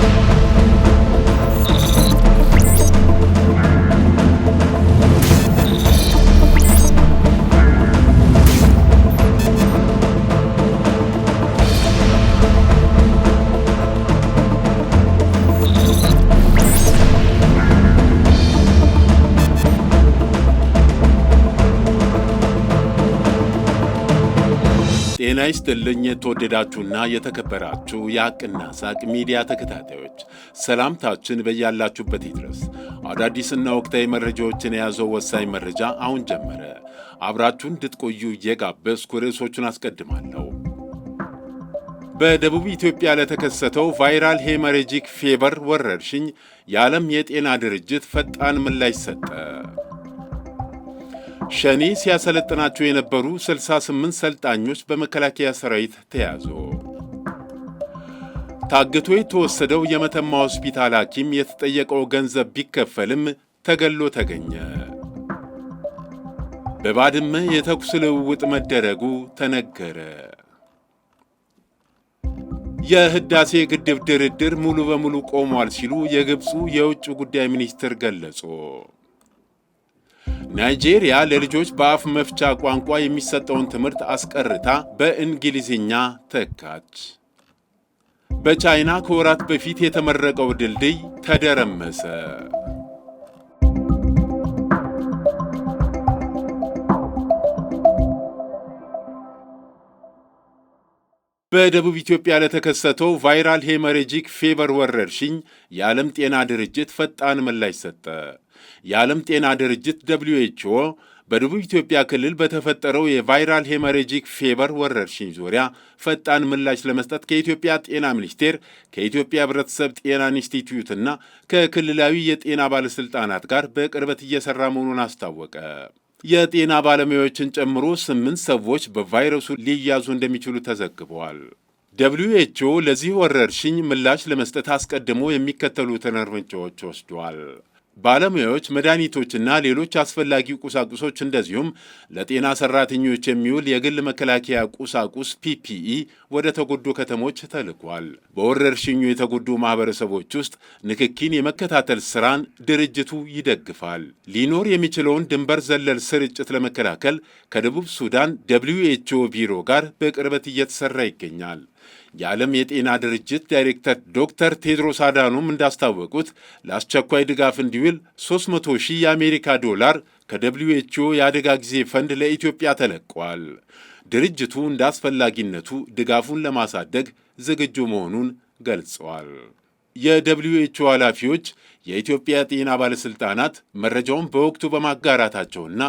Thank you. ጤና ይስጥልኝ የተወደዳችሁና የተከበራችሁ የአቅና ሳቅ ሚዲያ ተከታታዮች፣ ሰላምታችን በያላችሁበት ይድረስ። አዳዲስና ወቅታዊ መረጃዎችን የያዘው ወሳኝ መረጃ አሁን ጀመረ። አብራችሁን እንድትቆዩ እየጋበዝኩ ርዕሶቹን አስቀድማለሁ። በደቡብ ኢትዮጵያ ለተከሰተው ቫይራል ሄመሬጂክ ፌቨር ወረርሽኝ የዓለም የጤና ድርጅት ፈጣን ምላሽ ሰጠ። ሸኔ ሲያሰለጥናቸው የነበሩ 68 ሰልጣኞች በመከላከያ ሰራዊት ተያዙ። ታግቶ የተወሰደው የመተማ ሆስፒታል ሐኪም የተጠየቀው ገንዘብ ቢከፈልም ተገሎ ተገኘ። በባድመ የተኩስ ልውውጥ መደረጉ ተነገረ። የህዳሴ ግድብ ድርድር ሙሉ በሙሉ ቆሟል ሲሉ የግብፁ የውጭ ጉዳይ ሚኒስትር ገለጹ። ናይጄሪያ ለልጆች በአፍ መፍቻ ቋንቋ የሚሰጠውን ትምህርት አስቀርታ በእንግሊዝኛ ተካች። በቻይና ከወራት በፊት የተመረቀው ድልድይ ተደረመሰ። በደቡብ ኢትዮጵያ ለተከሰተው ቫይራል ሄመሬጂክ ፌቨር ወረርሽኝ የዓለም ጤና ድርጅት ፈጣን ምላሽ ሰጠ። የዓለም ጤና ድርጅት ደብልዩ ኤች ኦ በደቡብ ኢትዮጵያ ክልል በተፈጠረው የቫይራል ሄመሬጂክ ፌቨር ወረርሽኝ ዙሪያ ፈጣን ምላሽ ለመስጠት ከኢትዮጵያ ጤና ሚኒስቴር ከኢትዮጵያ ሕብረተሰብ ጤና ኢንስቲትዩትና ከክልላዊ የጤና ባለሥልጣናት ጋር በቅርበት እየሠራ መሆኑን አስታወቀ። የጤና ባለሙያዎችን ጨምሮ ስምንት ሰዎች በቫይረሱ ሊያዙ እንደሚችሉ ተዘግበዋል። ደብልዩ ኤች ኦ ለዚህ ወረርሽኝ ምላሽ ለመስጠት አስቀድሞ የሚከተሉትን እርምጃዎች ወስዷል። ባለሙያዎች መድኃኒቶችና ሌሎች አስፈላጊ ቁሳቁሶች እንደዚሁም ለጤና ሰራተኞች የሚውል የግል መከላከያ ቁሳቁስ ፒፒኢ ወደ ተጎዱ ከተሞች ተልኳል። በወረርሽኙ የተጎዱ ማህበረሰቦች ውስጥ ንክኪን የመከታተል ስራን ድርጅቱ ይደግፋል። ሊኖር የሚችለውን ድንበር ዘለል ስርጭት ለመከላከል ከደቡብ ሱዳን ደብሊዩ ኤችኦ ቢሮ ጋር በቅርበት እየተሰራ ይገኛል። የዓለም የጤና ድርጅት ዳይሬክተር ዶክተር ቴድሮስ አዳኖም እንዳስታወቁት ለአስቸኳይ ድጋፍ እንዲውል 300 ሺህ የአሜሪካ ዶላር ከደብሊዩ ኤችኦ የአደጋ ጊዜ ፈንድ ለኢትዮጵያ ተለቋል። ድርጅቱ እንደ አስፈላጊነቱ ድጋፉን ለማሳደግ ዝግጁ መሆኑን ገልጸዋል። የደብሊዩ ኤች ኦ ኃላፊዎች የኢትዮጵያ ጤና ባለሥልጣናት መረጃውን በወቅቱ በማጋራታቸውና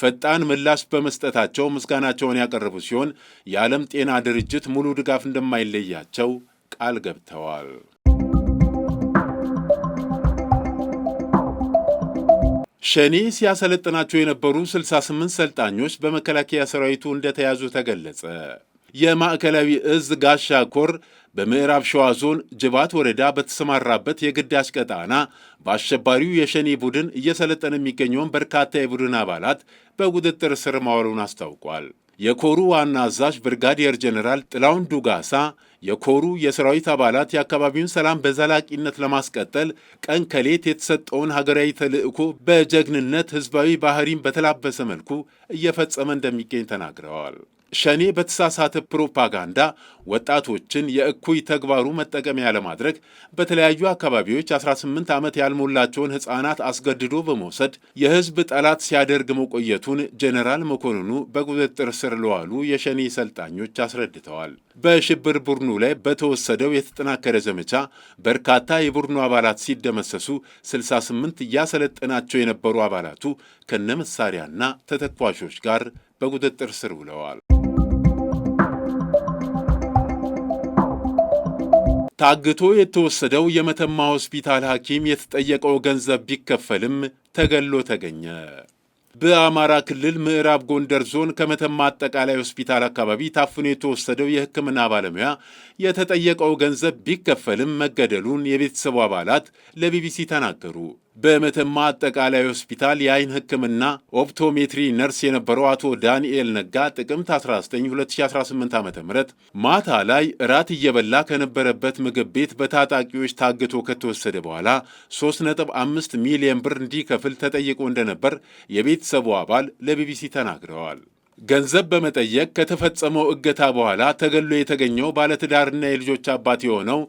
ፈጣን ምላሽ በመስጠታቸው ምስጋናቸውን ያቀረቡ ሲሆን የዓለም ጤና ድርጅት ሙሉ ድጋፍ እንደማይለያቸው ቃል ገብተዋል። ሸኔ ሲያሰለጥናቸው የነበሩ 68 ሰልጣኞች በመከላከያ ሰራዊቱ እንደተያዙ ተገለጸ። የማዕከላዊ እዝ ጋሻ ኮር በምዕራብ ሸዋ ዞን ጅባት ወረዳ በተሰማራበት የግዳጅ ቀጣና በአሸባሪው የሸኔ ቡድን እየሰለጠነ የሚገኘውን በርካታ የቡድን አባላት በቁጥጥር ስር ማዋሉን አስታውቋል። የኮሩ ዋና አዛዥ ብርጋዲየር ጀኔራል ጥላውን ዱጋሳ የኮሩ የሰራዊት አባላት የአካባቢውን ሰላም በዘላቂነት ለማስቀጠል ቀን ከሌት የተሰጠውን ሀገራዊ ተልዕኮ በጀግንነት ህዝባዊ ባህሪን በተላበሰ መልኩ እየፈጸመ እንደሚገኝ ተናግረዋል። ሸኔ በተሳሳተ ፕሮፓጋንዳ ወጣቶችን የእኩይ ተግባሩ መጠቀሚያ ለማድረግ በተለያዩ አካባቢዎች 18 ዓመት ያልሞላቸውን ሕፃናት አስገድዶ በመውሰድ የሕዝብ ጠላት ሲያደርግ መቆየቱን ጄኔራል መኮንኑ በቁጥጥር ስር ለዋሉ የሸኔ ሰልጣኞች አስረድተዋል። በሽብር ቡድኑ ላይ በተወሰደው የተጠናከረ ዘመቻ በርካታ የቡድኑ አባላት ሲደመሰሱ 68 እያሰለጠናቸው የነበሩ አባላቱ ከነመሳሪያና ተተኳሾች ጋር በቁጥጥር ስር ውለዋል። ታግቶ የተወሰደው የመተማ ሆስፒታል ሐኪም የተጠየቀው ገንዘብ ቢከፈልም ተገሎ ተገኘ። በአማራ ክልል ምዕራብ ጎንደር ዞን ከመተማ አጠቃላይ ሆስፒታል አካባቢ ታፍኖ የተወሰደው የሕክምና ባለሙያ የተጠየቀው ገንዘብ ቢከፈልም መገደሉን የቤተሰቡ አባላት ለቢቢሲ ተናገሩ። በመተማ አጠቃላይ ሆስፒታል የአይን ሕክምና ኦፕቶሜትሪ ነርስ የነበረው አቶ ዳንኤል ነጋ ጥቅምት 19 2018 ዓ ም ማታ ላይ እራት እየበላ ከነበረበት ምግብ ቤት በታጣቂዎች ታግቶ ከተወሰደ በኋላ 3.5 ሚሊዮን ብር እንዲከፍል ተጠይቆ እንደነበር የቤተሰቡ አባል ለቢቢሲ ተናግረዋል። ገንዘብ በመጠየቅ ከተፈጸመው እገታ በኋላ ተገሎ የተገኘው ባለትዳርና የልጆች አባት የሆነው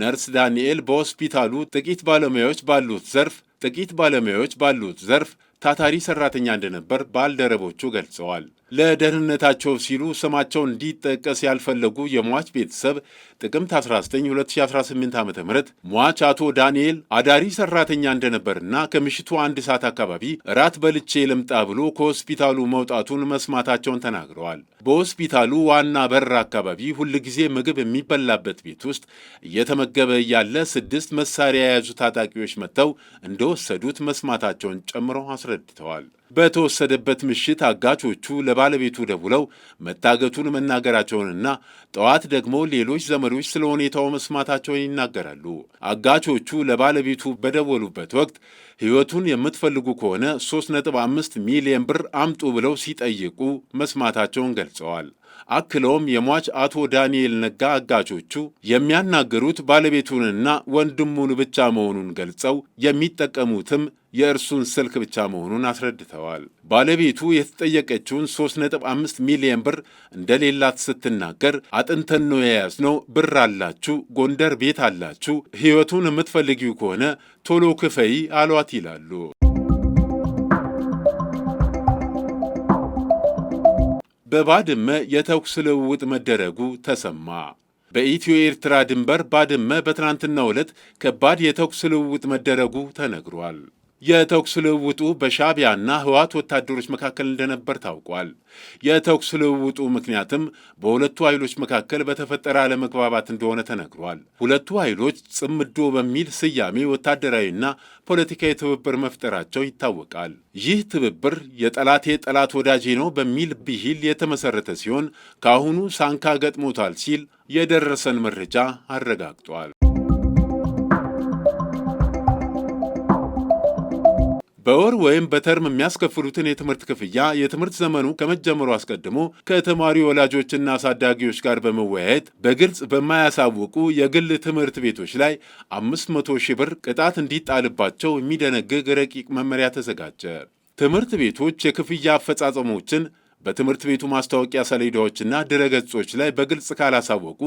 ነርስ ዳንኤል በሆስፒታሉ ጥቂት ባለሙያዎች ባሉት ዘርፍ ጥቂት ባለሙያዎች ባሉት ዘርፍ ታታሪ ሰራተኛ እንደነበር ባልደረቦቹ ገልጸዋል። ለደህንነታቸው ሲሉ ስማቸው እንዲጠቀስ ያልፈለጉ የሟች ቤተሰብ ጥቅምት 19 2018 ዓ ም ሟች አቶ ዳንኤል አዳሪ ሰራተኛ እንደነበርና ከምሽቱ አንድ ሰዓት አካባቢ እራት በልቼ ልምጣ ብሎ ከሆስፒታሉ መውጣቱን መስማታቸውን ተናግረዋል። በሆስፒታሉ ዋና በር አካባቢ ሁልጊዜ ምግብ የሚበላበት ቤት ውስጥ እየተመገበ እያለ ስድስት መሳሪያ የያዙ ታጣቂዎች መጥተው እንደወሰዱት መስማታቸውን ጨምረው አስረድተዋል። በተወሰደበት ምሽት አጋቾቹ ለባለቤቱ ደውለው መታገቱን መናገራቸውንና ጠዋት ደግሞ ሌሎች ዘመዶች ስለ ሁኔታው መስማታቸውን ይናገራሉ። አጋቾቹ ለባለቤቱ በደወሉበት ወቅት ሕይወቱን የምትፈልጉ ከሆነ 3.5 ሚሊዮን ብር አምጡ ብለው ሲጠይቁ መስማታቸውን ገልጸዋል። አክለውም የሟች አቶ ዳንኤል ነጋ አጋቾቹ የሚያናግሩት ባለቤቱንና ወንድሙን ብቻ መሆኑን ገልጸው የሚጠቀሙትም የእርሱን ስልክ ብቻ መሆኑን አስረድተዋል። ባለቤቱ የተጠየቀችውን 3.5 ሚሊዮን ብር እንደሌላት ስትናገር አጥንተን ነው የያዝነው፣ ብር አላችሁ፣ ጎንደር ቤት አላችሁ፣ ሕይወቱን የምትፈልጊው ከሆነ ቶሎ ክፈይ አሏት ይላሉ። በባድመ የተኩስ ልውውጥ መደረጉ ተሰማ። በኢትዮ ኤርትራ ድንበር ባድመ በትናንትናው ዕለት ከባድ የተኩስ ልውውጥ መደረጉ ተነግሯል። የተኩስ ልውውጡ በሻዕቢያና ህወሓት ወታደሮች መካከል እንደነበር ታውቋል። የተኩስ ልውውጡ ምክንያትም በሁለቱ ኃይሎች መካከል በተፈጠረ አለመግባባት እንደሆነ ተነግሯል። ሁለቱ ኃይሎች ጽምዶ በሚል ስያሜ ወታደራዊና ፖለቲካዊ ትብብር መፍጠራቸው ይታወቃል። ይህ ትብብር የጠላቴ ጠላት ወዳጄ ነው በሚል ብሂል የተመሰረተ ሲሆን ከአሁኑ ሳንካ ገጥሞታል ሲል የደረሰን መረጃ አረጋግጧል። በወር ወይም በተርም የሚያስከፍሉትን የትምህርት ክፍያ የትምህርት ዘመኑ ከመጀመሩ አስቀድሞ ከተማሪ ወላጆችና አሳዳጊዎች ጋር በመወያየት በግልጽ በማያሳውቁ የግል ትምህርት ቤቶች ላይ 500 ሺህ ብር ቅጣት እንዲጣልባቸው የሚደነግግ ረቂቅ መመሪያ ተዘጋጀ። ትምህርት ቤቶች የክፍያ አፈጻጸሞችን በትምህርት ቤቱ ማስታወቂያ ሰሌዳዎችና ድረገጾች ላይ በግልጽ ካላሳወቁ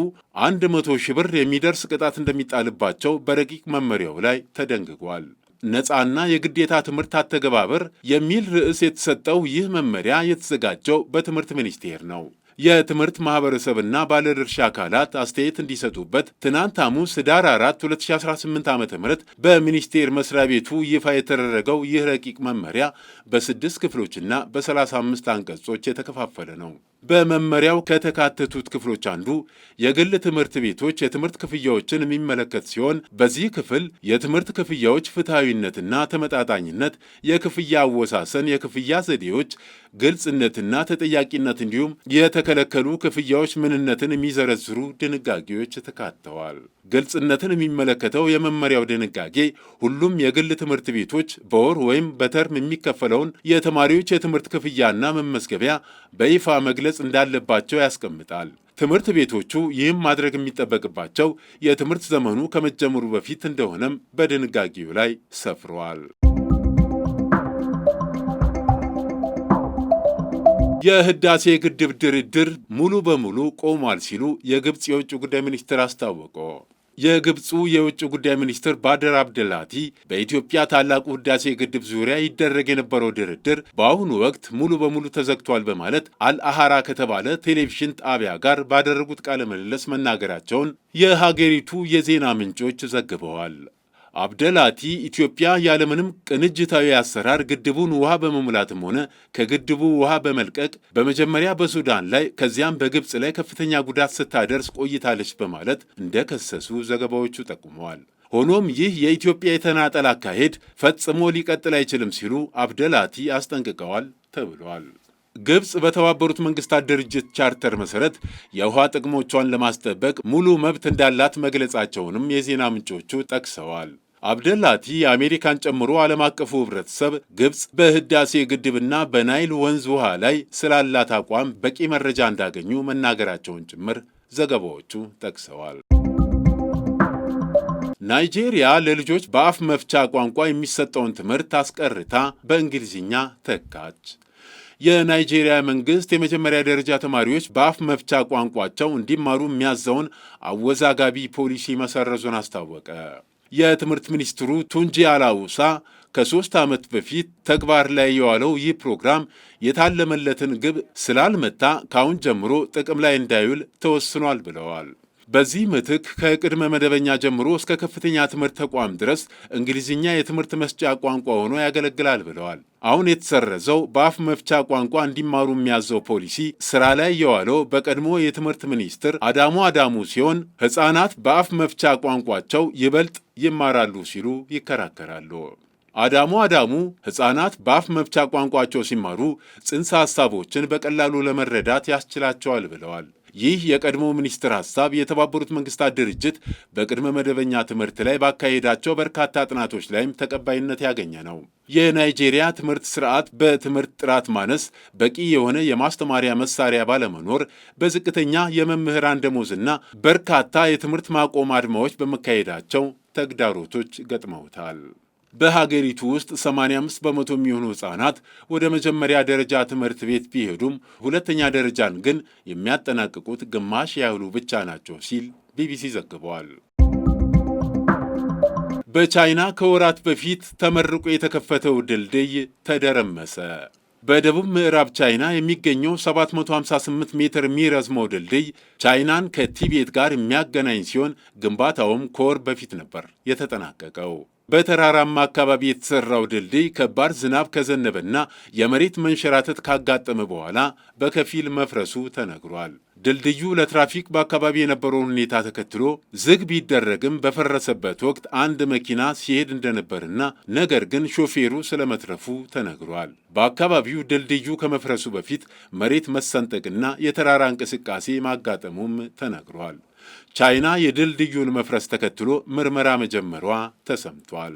100 ሺህ ብር የሚደርስ ቅጣት እንደሚጣልባቸው በረቂቅ መመሪያው ላይ ተደንግጓል። ነፃና የግዴታ ትምህርት አተገባበር የሚል ርዕስ የተሰጠው ይህ መመሪያ የተዘጋጀው በትምህርት ሚኒስቴር ነው። የትምህርት ማህበረሰብና ባለድርሻ አካላት አስተያየት እንዲሰጡበት ትናንት ሐሙስ ህዳር 4 2018 ዓ ም በሚኒስቴር መስሪያ ቤቱ ይፋ የተደረገው ይህ ረቂቅ መመሪያ በስድስት ክፍሎችና በ35 አንቀጾች የተከፋፈለ ነው። በመመሪያው ከተካተቱት ክፍሎች አንዱ የግል ትምህርት ቤቶች የትምህርት ክፍያዎችን የሚመለከት ሲሆን በዚህ ክፍል የትምህርት ክፍያዎች ፍትሐዊነትና ተመጣጣኝነት፣ የክፍያ አወሳሰን፣ የክፍያ ዘዴዎች ግልጽነትና ተጠያቂነት እንዲሁም የተከለከሉ ክፍያዎች ምንነትን የሚዘረዝሩ ድንጋጌዎች ተካተዋል። ግልጽነትን የሚመለከተው የመመሪያው ድንጋጌ ሁሉም የግል ትምህርት ቤቶች በወር ወይም በተርም የሚከፈለውን የተማሪዎች የትምህርት ክፍያና መመዝገቢያ በይፋ መግለጽ መግለጽ እንዳለባቸው ያስቀምጣል። ትምህርት ቤቶቹ ይህም ማድረግ የሚጠበቅባቸው የትምህርት ዘመኑ ከመጀመሩ በፊት እንደሆነም በድንጋጌው ላይ ሰፍረዋል። የህዳሴ ግድብ ድርድር ሙሉ በሙሉ ቆሟል ሲሉ የግብፅ የውጭ ጉዳይ ሚኒስትር አስታወቀ። የግብፁ የውጭ ጉዳይ ሚኒስትር ባደር አብደላቲ በኢትዮጵያ ታላቁ ህዳሴ ግድብ ዙሪያ ይደረግ የነበረው ድርድር በአሁኑ ወቅት ሙሉ በሙሉ ተዘግቷል በማለት አልአሃራ ከተባለ ቴሌቪዥን ጣቢያ ጋር ባደረጉት ቃለ ምልልስ መናገራቸውን የሀገሪቱ የዜና ምንጮች ዘግበዋል። አብደላቲ ኢትዮጵያ ያለምንም ቅንጅታዊ አሰራር ግድቡን ውሃ በመሙላትም ሆነ ከግድቡ ውሃ በመልቀቅ በመጀመሪያ በሱዳን ላይ ከዚያም በግብፅ ላይ ከፍተኛ ጉዳት ስታደርስ ቆይታለች በማለት እንደከሰሱ ዘገባዎቹ ጠቁመዋል። ሆኖም ይህ የኢትዮጵያ የተናጠል አካሄድ ፈጽሞ ሊቀጥል አይችልም ሲሉ አብደላቲ አስጠንቅቀዋል ተብሏል። ግብፅ በተባበሩት መንግስታት ድርጅት ቻርተር መሰረት የውሃ ጥቅሞቿን ለማስጠበቅ ሙሉ መብት እንዳላት መግለጻቸውንም የዜና ምንጮቹ ጠቅሰዋል። አብደላቲ የአሜሪካን ጨምሮ ዓለም አቀፉ ህብረተሰብ ግብፅ በህዳሴ ግድብና በናይል ወንዝ ውሃ ላይ ስላላት አቋም በቂ መረጃ እንዳገኙ መናገራቸውን ጭምር ዘገባዎቹ ጠቅሰዋል። ናይጄሪያ ለልጆች በአፍ መፍቻ ቋንቋ የሚሰጠውን ትምህርት አስቀርታ በእንግሊዝኛ ተካች። የናይጄሪያ መንግስት የመጀመሪያ ደረጃ ተማሪዎች በአፍ መፍቻ ቋንቋቸው እንዲማሩ የሚያዘውን አወዛጋቢ ፖሊሲ መሰረዙን አስታወቀ። የትምህርት ሚኒስትሩ ቱንጂ አላውሳ ከሶስት ዓመት በፊት ተግባር ላይ የዋለው ይህ ፕሮግራም የታለመለትን ግብ ስላልመታ ከአሁን ጀምሮ ጥቅም ላይ እንዳይውል ተወስኗል ብለዋል። በዚህ ምትክ ከቅድመ መደበኛ ጀምሮ እስከ ከፍተኛ ትምህርት ተቋም ድረስ እንግሊዝኛ የትምህርት መስጫ ቋንቋ ሆኖ ያገለግላል ብለዋል። አሁን የተሰረዘው በአፍ መፍቻ ቋንቋ እንዲማሩ የሚያዘው ፖሊሲ ስራ ላይ የዋለው በቀድሞ የትምህርት ሚኒስትር አዳሙ አዳሙ ሲሆን ሕፃናት በአፍ መፍቻ ቋንቋቸው ይበልጥ ይማራሉ ሲሉ ይከራከራሉ። አዳሙ አዳሙ ሕፃናት በአፍ መፍቻ ቋንቋቸው ሲማሩ ጽንሰ ሐሳቦችን በቀላሉ ለመረዳት ያስችላቸዋል ብለዋል። ይህ የቀድሞ ሚኒስትር ሀሳብ የተባበሩት መንግስታት ድርጅት በቅድመ መደበኛ ትምህርት ላይ ባካሄዳቸው በርካታ ጥናቶች ላይም ተቀባይነት ያገኘ ነው። የናይጄሪያ ትምህርት ስርዓት በትምህርት ጥራት ማነስ፣ በቂ የሆነ የማስተማሪያ መሳሪያ ባለመኖር፣ በዝቅተኛ የመምህራን ደሞዝና በርካታ የትምህርት ማቆም አድማዎች በመካሄዳቸው ተግዳሮቶች ገጥመውታል። በሀገሪቱ ውስጥ 85 በመቶ የሚሆኑ ሕፃናት ወደ መጀመሪያ ደረጃ ትምህርት ቤት ቢሄዱም ሁለተኛ ደረጃን ግን የሚያጠናቅቁት ግማሽ ያህሉ ብቻ ናቸው ሲል ቢቢሲ ዘግበዋል። በቻይና ከወራት በፊት ተመርቆ የተከፈተው ድልድይ ተደረመሰ። በደቡብ ምዕራብ ቻይና የሚገኘው 758 ሜትር የሚረዝመው ድልድይ ቻይናን ከቲቤት ጋር የሚያገናኝ ሲሆን ግንባታውም ከወር በፊት ነበር የተጠናቀቀው። በተራራማ አካባቢ የተሰራው ድልድይ ከባድ ዝናብ ከዘነበና የመሬት መንሸራተት ካጋጠመ በኋላ በከፊል መፍረሱ ተነግሯል። ድልድዩ ለትራፊክ በአካባቢ የነበረውን ሁኔታ ተከትሎ ዝግ ቢደረግም በፈረሰበት ወቅት አንድ መኪና ሲሄድ እንደነበርና ነገር ግን ሾፌሩ ስለመትረፉ ተነግሯል። በአካባቢው ድልድዩ ከመፍረሱ በፊት መሬት መሰንጠቅና የተራራ እንቅስቃሴ ማጋጠሙም ተነግሯል። ቻይና የድልድዩን መፍረስ ተከትሎ ምርመራ መጀመሯ ተሰምቷል።